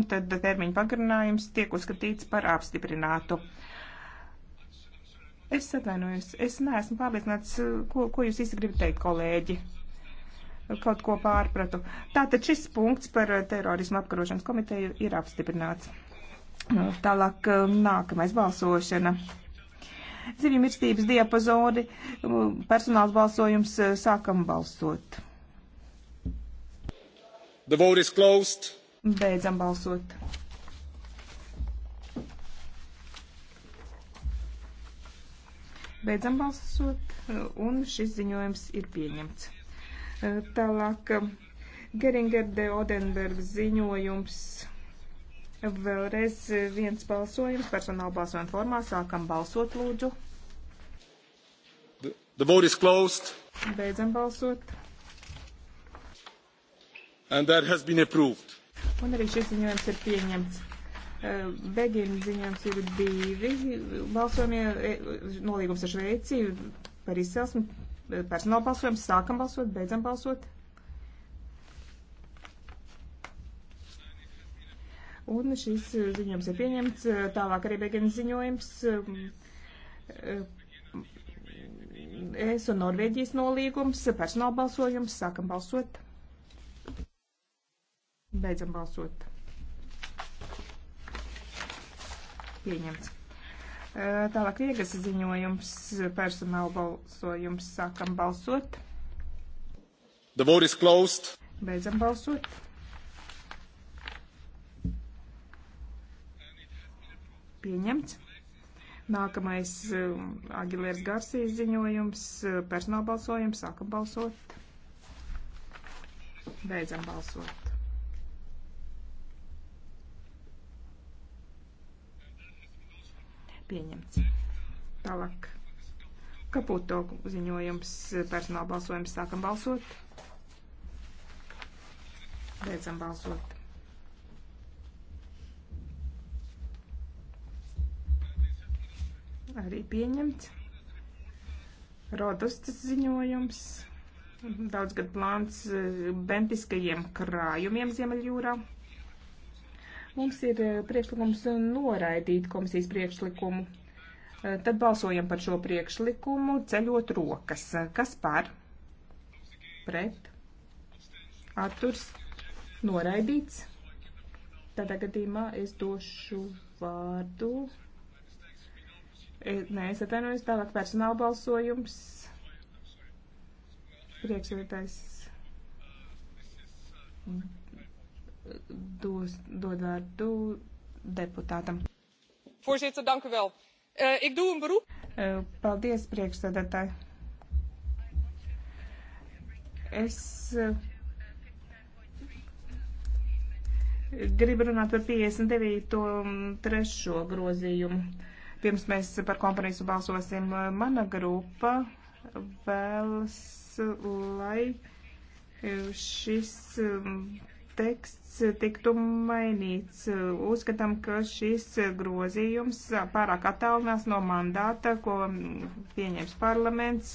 un tad termiņa pagarinājums tiek uzskatīts par apstiprinātu. Es atvainojos, es neesmu pārliecināts, ko, ko jūs īsti gribat teikt, kolēģi. Kaut ko pārpratu. Tātad šis punkts par terorismu apkarošanas komiteju ir apstiprināts. Nu, tālāk um, nākamais balsošana. Zivju mirstības diapazoni, um, personāls balsojums, uh, sākam balsot. The vote is closed. Beidzam balsot. Beidzam balsot, un šis ziņojums ir pieņemts. Tālāk Geringer de Odenbergs ziņojums. Vēlreiz viens balsojums personāla balsojuma formā. Sākam balsot, lūdzu. The, the vote is closed. Beidzam balsot. And that has been approved. Un arī šis ziņojums ir pieņemts. Begina ziņojums ir divi balsojumie e, nolīgums ar Šveici par izcelsmi. Personāla balsojums sākam balsot, beidzam balsot. Un šis ziņojums ir pieņemts. Tālāk arī Begina ziņojums es un Norvēģijas nolīgums, personāla balsojums, sākam balsot. Beidzam balsot. Pieņemts. Tālāk viegas ziņojums, personāla balsojums, sākam balsot. The vote is closed. Beidzam balsot. Pieņemts. Nākamais um, Agilērs Garsīs ziņojums, uh, personāla balsojums, sākam balsot. Beidzam balsot. pieņemts. Tālāk. Kaputo ziņojums personāla balsojums. Sākam balsot. Beidzam balsot. Arī pieņemts. Rodostas ziņojums. Daudzgad plāns eh, bentiskajiem krājumiem Ziemeļjūrā. Mums ir eh, priekšlikums noraidīt komisijas priekšlikumu. Eh, tad balsojam par šo priekšlikumu, ceļot rokas. Kas par? Pret? Atturs? Noraidīts? Tādā gadījumā es došu vārdu. Eh, nē, es atvainojos tālāk personāla balsojums. Priekšsēdētājs. Mm dos, dod vārdu deputātam. Voorzitter, dank u wel. Uh, ik doe een beroep. Uh, paldies, priekšsēdētāji. Es uh, gribu runāt par 59.3. Mm, grozījumu. Pirms mēs par kompromisu balsosim, mana grupa vēlas, lai šis mm, teksts tiktu mainīts. Uzskatām, ka šis grozījums pārāk attālinās no mandāta, ko pieņems parlaments.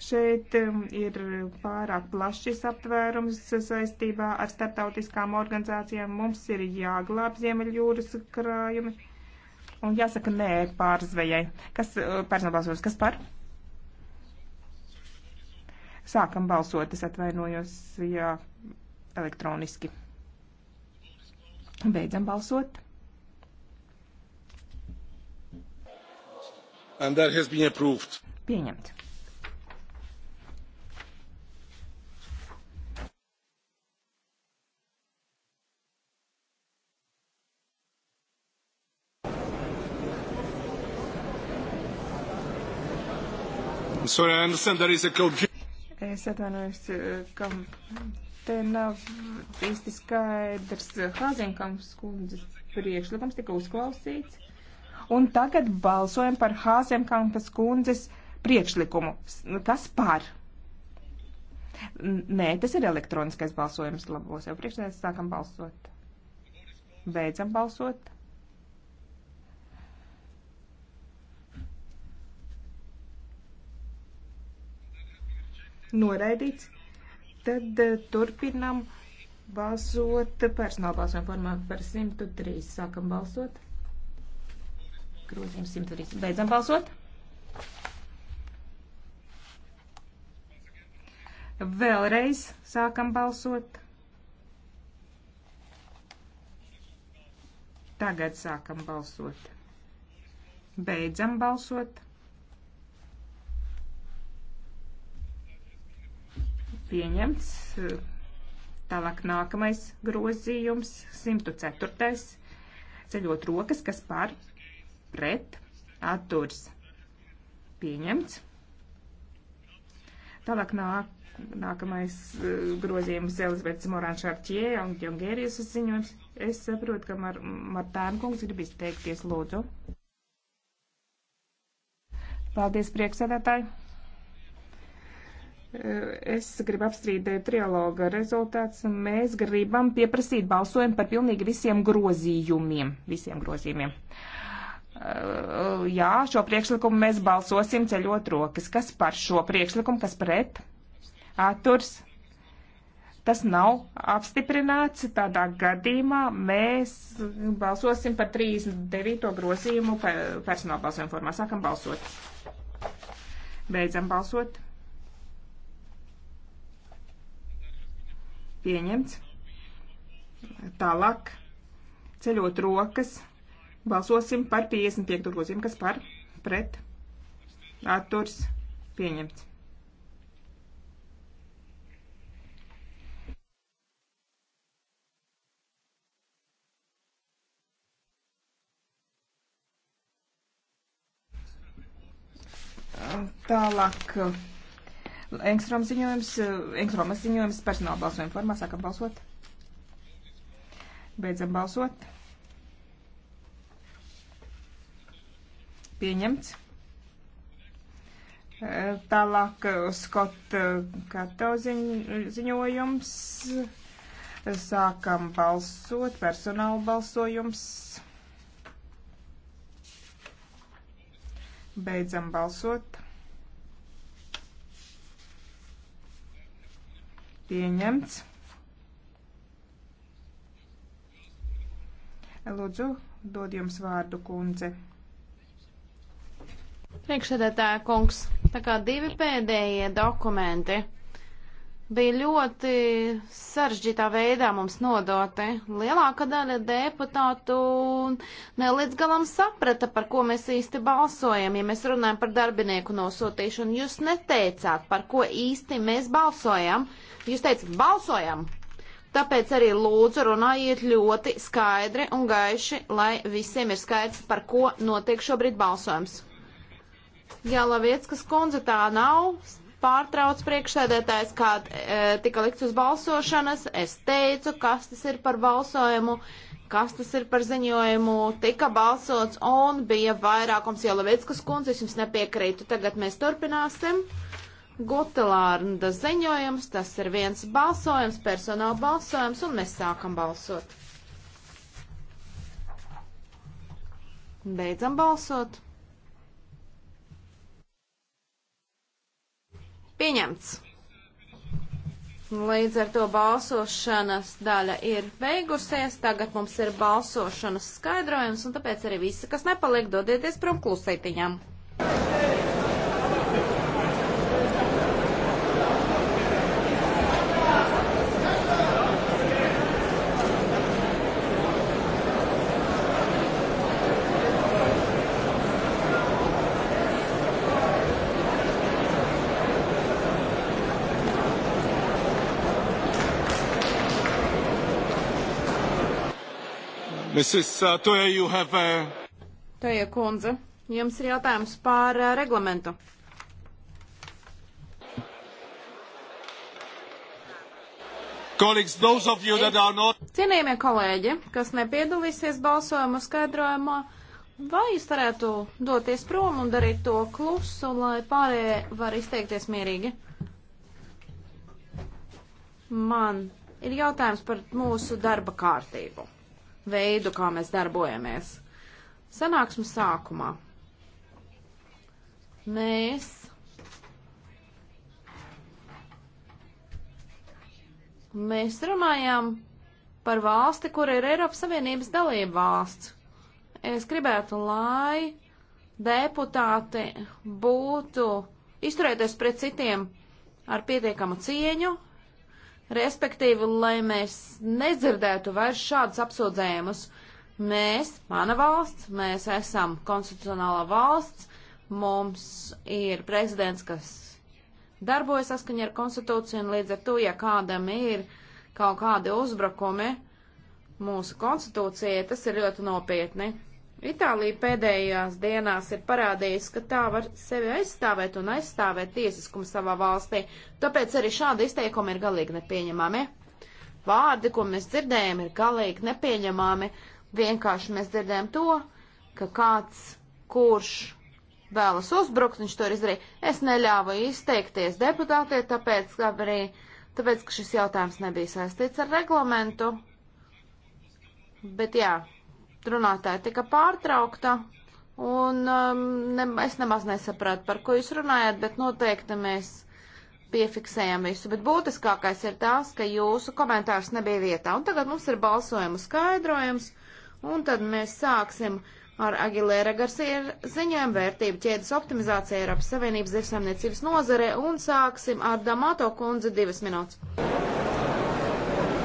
Šeit um, ir pārāk plašs aptvērums saistībā ar starptautiskām organizācijām. Mums ir jāglāb Ziemeļjūras krājumi un jāsaka nē pārzvejai. Kas uh, personālbalsos, kas par? Sākam balsot, es atvainojos, jā, elektroniski. Beidzam balsot. And that has been approved. Pieņemt. So I understand there is a code. Es atvainojos, eh, ka te nav īsti skaidrs Hāzienkamps eh, kundzes priekšlikums tika uzklausīts. Un tagad balsojam par Hāzienkampas kundzes priekšlikumu. Kas par? Nē, tas ir elektroniskais balsojums labos. Jau priekšsēdētājs sākam balsot. Beidzam balsot. noraidīts. Tad eh, turpinam balsot personāla balsojuma formā par 103. Sākam balsot. Grozījums 103. Beidzam balsot. Vēlreiz sākam balsot. Tagad sākam balsot. Beidzam balsot. pieņemts. Tālāk nākamais grozījums, 104. ceļot rokas, kas par pret atturs pieņemts. Tālāk nāk, nākamais eh, grozījums Elizabetes Morāns Šarķie un Džongērijas ziņojums. Es saprotu, ka Mar Martāna kungs grib izteikties, lūdzu. Paldies, prieksēdētāji! Es gribu apstrīdēt trialoga rezultāts. Mēs gribam pieprasīt balsojumu par pilnīgi visiem grozījumiem. Visiem grozījumiem. Uh, jā, šo priekšlikumu mēs balsosim ceļot rokas. Kas par šo priekšlikumu, kas pret? Atturs. Tas nav apstiprināts. Tādā gadījumā mēs balsosim par 39. grozījumu personāla balsojuma formā. Sākam balsot. Beidzam balsot. Pieņemts. Tālāk, ceļot rokas, balsosim par 55. grozījumu, kas par pret atturs pieņemts. Tālāk Engstrom ziņojums, Engstromas ziņojums personāla balsojuma formā. Sākam balsot. Beidzam balsot. Pieņemts. Tālāk eh, Skota eh, Kato ziņ, ziņojums. Sākam balsot, personāla balsojums. Beidzam balsot. Pieņemts. Lūdzu, dod jums vārdu, kundze. Priekšsēdētāja kungs, tā kā divi pēdējie dokumenti bija ļoti sarežģītā veidā mums nodoti. Lielākā daļa deputātu ne līdz galam saprata, par ko mēs īsti balsojam. Ja mēs runājam par darbinieku nosūtīšanu, jūs neteicāt, par ko īsti mēs balsojam. Jūs teicat, balsojam! Tāpēc arī lūdzu runājiet ļoti skaidri un gaiši, lai visiem ir skaidrs, par ko notiek šobrīd balsojums. Jā, Lavieckas kundze tā nav pārtrauc priekšsēdētājs, kad e, tika likts uz balsošanas. Es teicu, kas tas ir par balsojumu, kas tas ir par ziņojumu. Tika balsots un bija vairākums Jelavickas kundze, es jums nepiekrītu. Tagad mēs turpināsim. Gutelārnda ziņojums, tas ir viens balsojums, personāla balsojums, un mēs sākam balsot. Beidzam balsot. Pieņemts. Līdz ar to balsošanas daļa ir beigusies. Tagad mums ir balsošanas skaidrojums, un tāpēc arī visi, kas nepaliek, dodieties prom klusētiņām. Mrs. Uh, Toja, you have a... Uh, Toja kundze, jums ir jautājums par uh, reglamentu. Not... Cienījamie kolēģi, kas nepiedalīsies balsojuma skaidrojumā, vai jūs varētu doties prom un darīt to klusu, lai pārējie var izteikties mierīgi? Man ir jautājums par mūsu darba kārtību veidu, kā mēs darbojamies. Sanāksmes sākumā mēs Mēs runājām par valsti, kur ir Eiropas Savienības dalība valsts. Es gribētu, lai deputāti būtu izturēties pret citiem ar pietiekamu cieņu, respektīvi, lai mēs nedzirdētu vairs šādus apsūdzējumus. Mēs, mana valsts, mēs esam konstitucionālā valsts, mums ir prezidents, kas darbojas saskaņā ar konstitūciju, un līdz ar to, ja kādam ir kaut kādi uzbrukumi mūsu konstitūcijai, tas ir ļoti nopietni. Itālija pēdējās dienās ir parādījusi, ka tā var sevi aizstāvēt un aizstāvēt tiesiskumu savā valstī, tāpēc arī šādi izteikumi ir galīgi nepieņemami. Vārdi, ko mēs dzirdējam, ir galīgi nepieņemami. Vienkārši mēs dzirdējam to, ka kāds, kurš vēlas uzbrukt, viņš to ir izdarījis. Es neļāvu izteikties deputātei, tāpēc, ka arī, tāpēc, ka šis jautājums nebija saistīts ar reglamentu. Bet jā, runātāja tika pārtraukta, un um, ne, es nemaz nesapratu, par ko jūs runājat, bet noteikti mēs piefiksējam visu. Bet būtiskākais ir tas, ka jūsu komentārs nebija vietā, un tagad mums ir balsojumu skaidrojums, un tad mēs sāksim ar Agilēra Garcia ziņām vērtību ķēdes optimizācija Eiropas Savienības zivsaimniecības nozarē, un sāksim ar Damato kundzi divas minūtes.